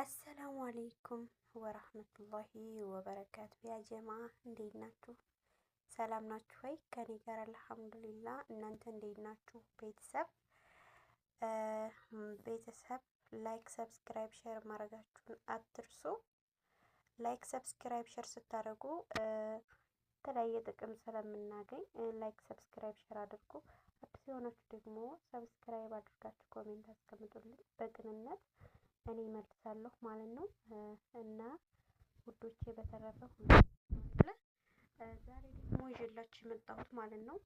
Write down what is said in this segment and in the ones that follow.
አሰላሙ አሌይኩም ወራህመቱላሂ ወበረካቱ። ያ ጀማ እንዴት ናችሁ? ሰላም ናችሁ ወይ? ከኔ ጋር አልሐምዱሊላ። እናንተ እንዴት ናችሁ? ቤተሰብ ቤተሰብ ላይክ፣ ሰብስክራይብ፣ ሼር ማድረጋችሁን አትርሱ። ላይክ፣ ሰብስክራይብ፣ ሼር ስታደርጉ የተለያየ ጥቅም ስለምናገኝ ላይክ፣ ሰብስክራይብ፣ ሼር አድርጉ። አዲስ የሆናችሁ ደግሞ ሰብስክራይብ አድርጋችሁ ኮሜንት አስቀምጡልኝ በቅንነት እኔ እመልሳለሁ ማለት ነው። እና ውዶቼ በተረፈ ዛሬ ደግሞ ይዤላችሁ የመጣሁት ማለት ነው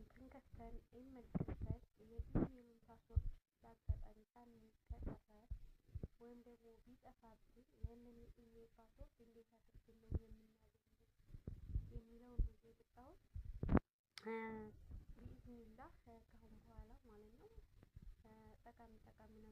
እንትን ከፍተን ኢሜል ከፍተን የትኛውም ፓስወርድ በአጋጣሚ ወይም ደግሞ ቢጠፋብን ያንን የኢሜል እንዴት አድርገን ነው የምናገኘው የሚለውን ነው የመጣሁት ቢኢዝኒላህ ከአሁን በኋላ ማለት ነው ጠቃሚ ጠቃሚ ነው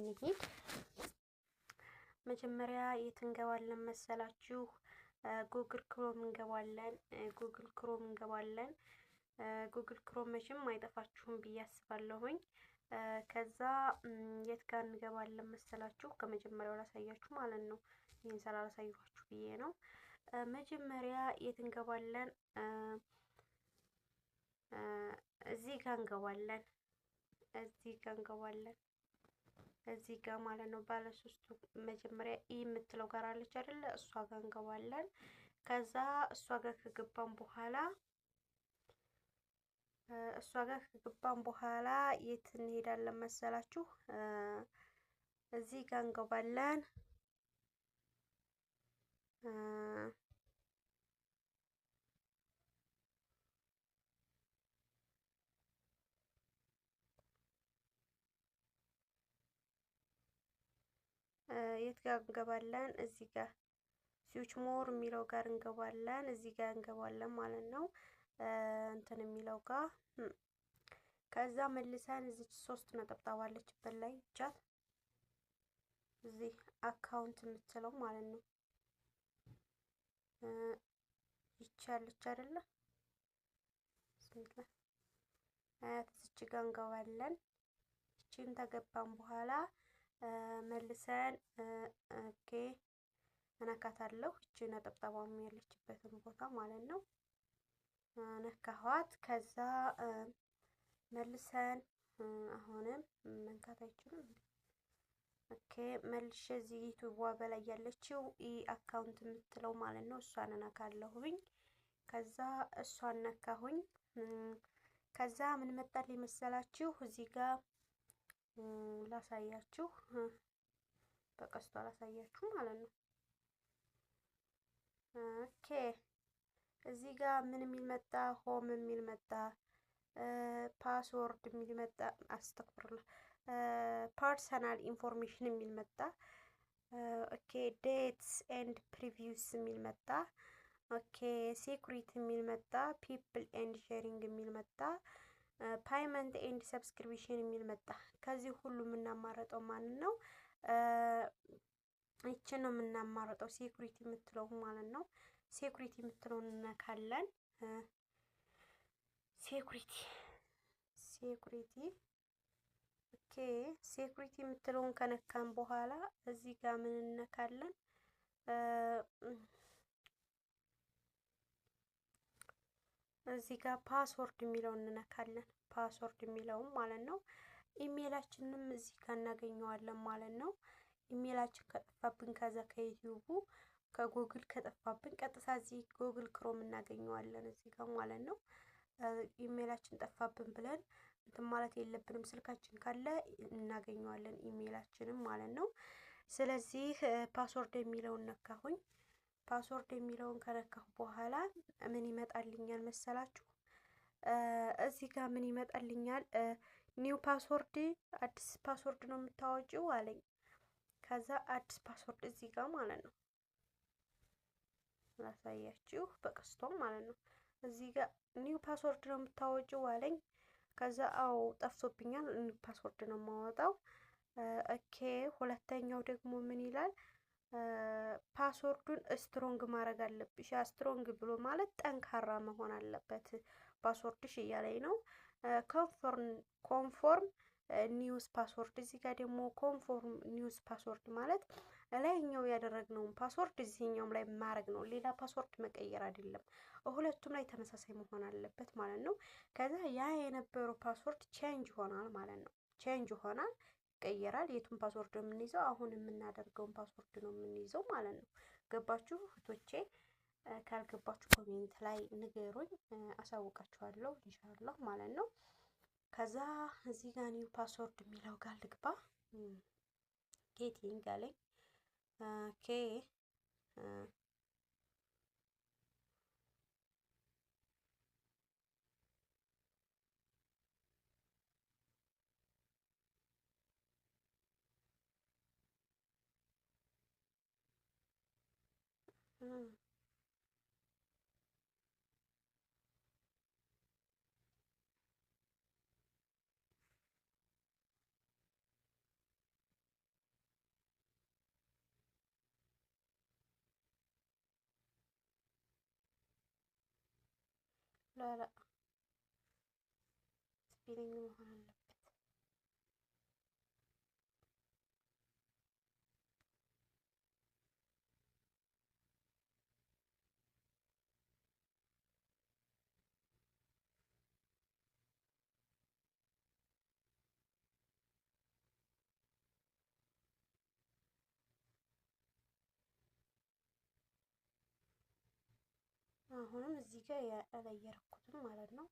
እንሂድ። መጀመሪያ የት እንገባለን መሰላችሁ? ጉግል ክሮም እንገባለን። ጉግል ክሮም እንገባለን። ጉግል ክሮም መቼም አይጠፋችሁም ብዬ አስባለሁኝ። ከዛ የት ጋር እንገባለን መሰላችሁ? ከመጀመሪያው ላሳያችሁ ማለት ነው። ይህን ስላላሳየኋችሁ ብዬ ነው። መጀመሪያ የት እንገባለን? እዚህ ጋር እንገባለን። እዚህ ጋር እንገባለን። እዚህ ጋር ማለት ነው። ባለ መጀመሪያ ኢ የምትለው ጋር አለች አይደለ? እሷ ጋር እንገባለን። ከዛ እሷ ጋር ከገባን በኋላ እሷ ጋር ከገባን በኋላ የት እንሄዳለን መሰላችሁ? እዚህ ጋር እንገባለን። የት ጋር እንገባለን? እዚህ ጋር ሲዎች ሞር የሚለው ጋር እንገባለን። እዚህ ጋር እንገባለን ማለት ነው እንትን የሚለው ጋር ከዛ መልሰን እዚች ሶስት ነጠብጣብ አለችበት ላይ ይቻል እዚህ አካውንት የምትለው ማለት ነው። ይቻለች አይደለ? አያት እዚች ጋር እንገባለን። ይቺን ተገባን በኋላ መልሰን ኦኬ እነካታለሁ። እቺ ነጠብጣቧ ያለችበትን ቦታ ማለት ነው። ነካኋት። ከዛ መልሰን አሁንም መንካት አይችልም። ኦኬ መልሼ እዚህ ዩቱብ በላይ ያለችው ኢ አካውንት የምትለው ማለት ነው። እሷን እነካለሁኝ። ከዛ እሷን ነካሁኝ። ከዛ ምን መጣል የመሰላችሁ እዚህ ጋር ላሳያችሁ፣ በቀስቷ ላሳያችሁ ማለት ነው። ኦኬ እዚህ ጋር ምን የሚል መጣ? ሆም የሚል መጣ። ፓስወርድ የሚል መጣ። አስተክብርላ ፐርሰናል ኢንፎርሜሽን የሚል መጣ። ኦኬ ዴትስ ኤንድ ፕሪቪውስ የሚል መጣ። ኦኬ ሴኩሪቲ የሚል መጣ። ፒፕል ኤንድ ሼሪንግ የሚል መጣ። ፓይመንት ኤንድ ሰብስክሪፕሽን የሚል መጣ። ከዚህ ሁሉ የምናማረጠው ማን ነው? ይችን ነው የምናማረጠው፣ ሴኩሪቲ የምትለው ማለት ነው። ሴኩሪቲ የምትለው እንነካለን። ሴኩሪቲ ሴኩሪቲ ኦኬ። ሴኩሪቲ የምትለውን ከነካን በኋላ እዚህ ጋር ምን እንነካለን? እዚህ ጋር ፓስወርድ የሚለውን እንነካለን። ፓስወርድ የሚለውም ማለት ነው። ኢሜላችንንም እዚህ ጋር እናገኘዋለን ማለት ነው። ኢሜላችን ከጠፋብን ከዛ ከዩቲዩቡ ከጉግል ከጠፋብን ቀጥታ እዚህ ጉግል ክሮም እናገኘዋለን እዚህ ጋር ማለት ነው። ኢሜላችን ጠፋብን ብለን እንትን ማለት የለብንም። ስልካችን ካለ እናገኘዋለን ኢሜላችንም ማለት ነው። ስለዚህ ፓስወርድ የሚለውን ነካሁኝ። ፓስወርድ የሚለውን ከነካሁ በኋላ ምን ይመጣልኛል መሰላችሁ? እዚህ ጋር ምን ይመጣልኛል? ኒው ፓስወርድ አዲስ ፓስወርድ ነው የምታወጪው አለኝ። ከዛ አዲስ ፓስወርድ እዚህ ጋር ማለት ነው ላሳያችሁ በቀስቶም ማለት ነው። እዚህ ጋር ኒው ፓስወርድ ነው የምታወጪው አለኝ። ከዛ አው ጠፍቶብኛል፣ ኒው ፓስወርድ ነው የማወጣው። ኦኬ ሁለተኛው ደግሞ ምን ይላል? ፓስወርዱን ስትሮንግ ማድረግ አለብሽ። ስትሮንግ ብሎ ማለት ጠንካራ መሆን አለበት። ፓስወርድሽ እያለኝ ነው። ኮንፎርም ኒውስ ፓስወርድ እዚህ ጋር ደግሞ ኮንፎርም ኒውስ ፓስወርድ ማለት ላይኛው ያደረግነውን ፓስወርድ እዚህኛውም ላይ ማድረግ ነው። ሌላ ፓስወርድ መቀየር አይደለም። ሁለቱም ላይ ተመሳሳይ መሆን አለበት ማለት ነው። ከዛ ያ የነበረው ፓስወርድ ቼንጅ ይሆናል ማለት ነው። ቼንጅ ሆናል ይቀየራል። የቱን ፓስወርድ ነው የምንይዘው? አሁን የምናደርገውን ፓስወርድ ነው የምንይዘው ማለት ነው። ገባችሁ እህቶቼ? ካልገባችሁ ኮሜንት ላይ ንገሩኝ፣ አሳውቃችኋለሁ ኢንሻላህ ማለት ነው። ከዛ እዚህ ጋር ኒው ፓስወርድ የሚለው ጋር ልግባ። ጌቲንግ አለኝ ኬ لا لا سبيلينج مهارة አሁንም እዚህ ጋር ያለየርኩትም ማለት ነው።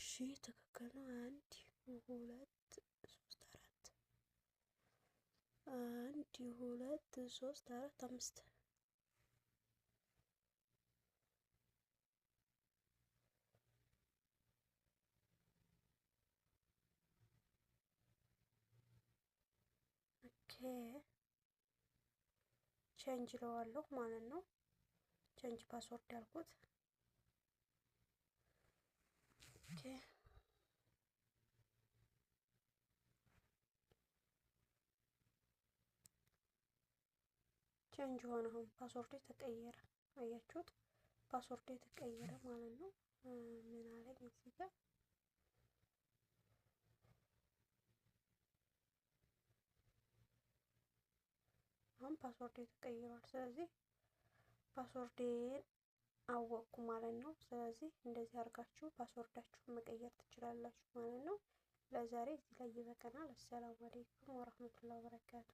እሺ ትክክል ነው። አንድ ሁለት ሶስት አራት አንድ ሁለት ሶስት አራት አምስት ቼንጅ ለዋለሁ ማለት ነው። ቼንጅ ፓስወርድ ያልኩት ኦኬ። ቼንጅ ሆነ። አሁን ፓስወርዱ ተቀየረ። አያችሁት? ፓስወርዱ የተቀየረ ማለት ነው። ምን አለኝ እዚህ ጋር አሁን ፓስወርድ ተቀይሯል። ስለዚህ ፓስወርዴን አወቅኩ ማለት ነው። ስለዚህ እንደዚህ አድርጋችሁ ፓስወርዳችሁን መቀየር ትችላላችሁ ማለት ነው። ለዛሬ እዚህ ላይ ይበቃናል። አሰላሙ አሌይኩም ወረህመቱላሂ ወበረካቱ